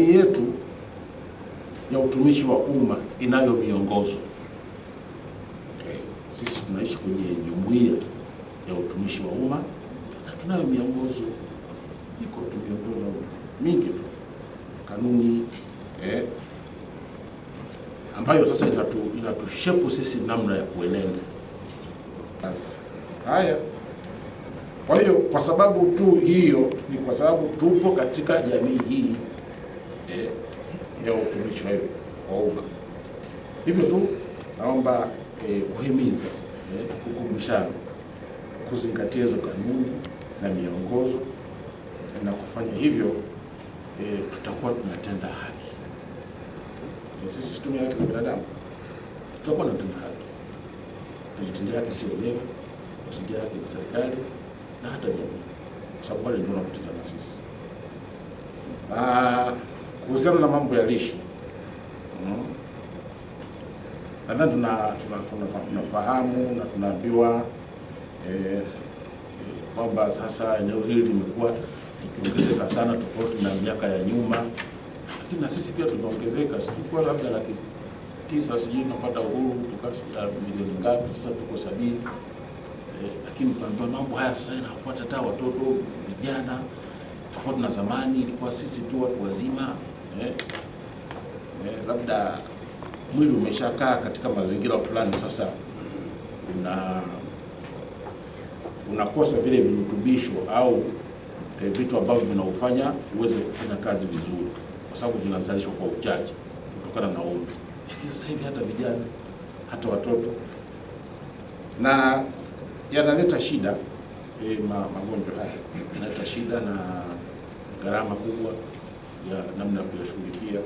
jamii yetu ya utumishi wa umma inayo miongozo okay. Sisi tunaishi kwenye jumuiya ya utumishi wa umma na tunayo miongozo, iko tu miongozo mingi tu, kanuni eh, ambayo sasa inatu, inatushepu sisi namna ya kuenenda haya. Kwa hiyo kwa sababu tu hiyo, ni kwa sababu tupo katika jamii hii E, ya utumishi wa umma. Hivyo tu naomba e, kuhimiza eh, kukumbushana kuzingatia hizo kanuni na miongozo na kufanya hivyo eh, tutakuwa tunatenda haki. E, sisi tumia haki za binadamu, tutakuwa tunatenda haki, tunatendea haki si wenyewe, tunatendea haki na serikali na hata jamii, kwa sababu wale ndio wanatutazama sisi kuhusiana na mambo ya lishe mm. Nadhani tunafahamu tuna, tuna, tuna na tunaambiwa eh, kwamba sasa eneo hili limekuwa likiongezeka sana tofauti na miaka ya nyuma, lakini na sisi pia tumeongezeka. Situkuwa labda laki tisa sijui tunapata uhuru tukaa milioni ngapi, sasa tuko sabini eh, lakini tunaambiwa mambo haya sasa inafuata hata watoto vijana, tofauti na zamani ilikuwa sisi tu watu wazima eh, eh, labda mwili umeshakaa katika mazingira fulani, sasa una unakosa vile virutubisho au eh, vitu ambavyo vinaufanya uweze kufanya kazi vizuri, kwa sababu vinazalishwa kwa uchache kutokana na umri. Lakini sasa hivi hata vijana hata watoto na yanaleta shida eh, magonjwa haya yanaleta shida na gharama kubwa ya namna ya kuyashughulikia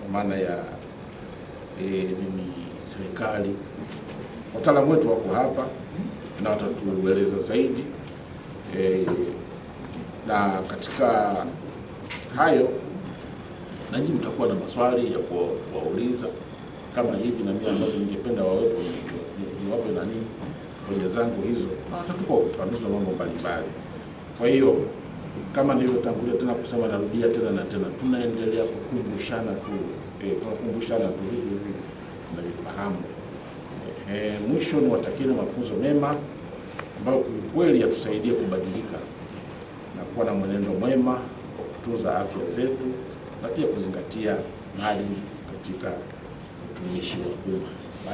kwa maana ya e, nini serikali. Wataalamu wetu wako hapa na watatueleza zaidi e, na katika hayo nanyi mtakuwa na maswali ya kuwauliza kama hivi na mimi ambavyo ningependa wawepo niwape nani hoja zangu hizo, na watatupa ufafanuzi wa mambo mbalimbali, kwa hiyo kama nilivyotangulia tena kusema, narudia tena na tena, tunaendelea kukumbushana tu, eh, tunakumbushana tu hivi hivi tunavyofahamu. eh, mwisho ni watakie na mafunzo mema ambayo kiukweli yatusaidia kubadilika na kuwa na mwenendo mwema kwa kutunza afya zetu na pia kuzingatia mali katika utumishi wa umma.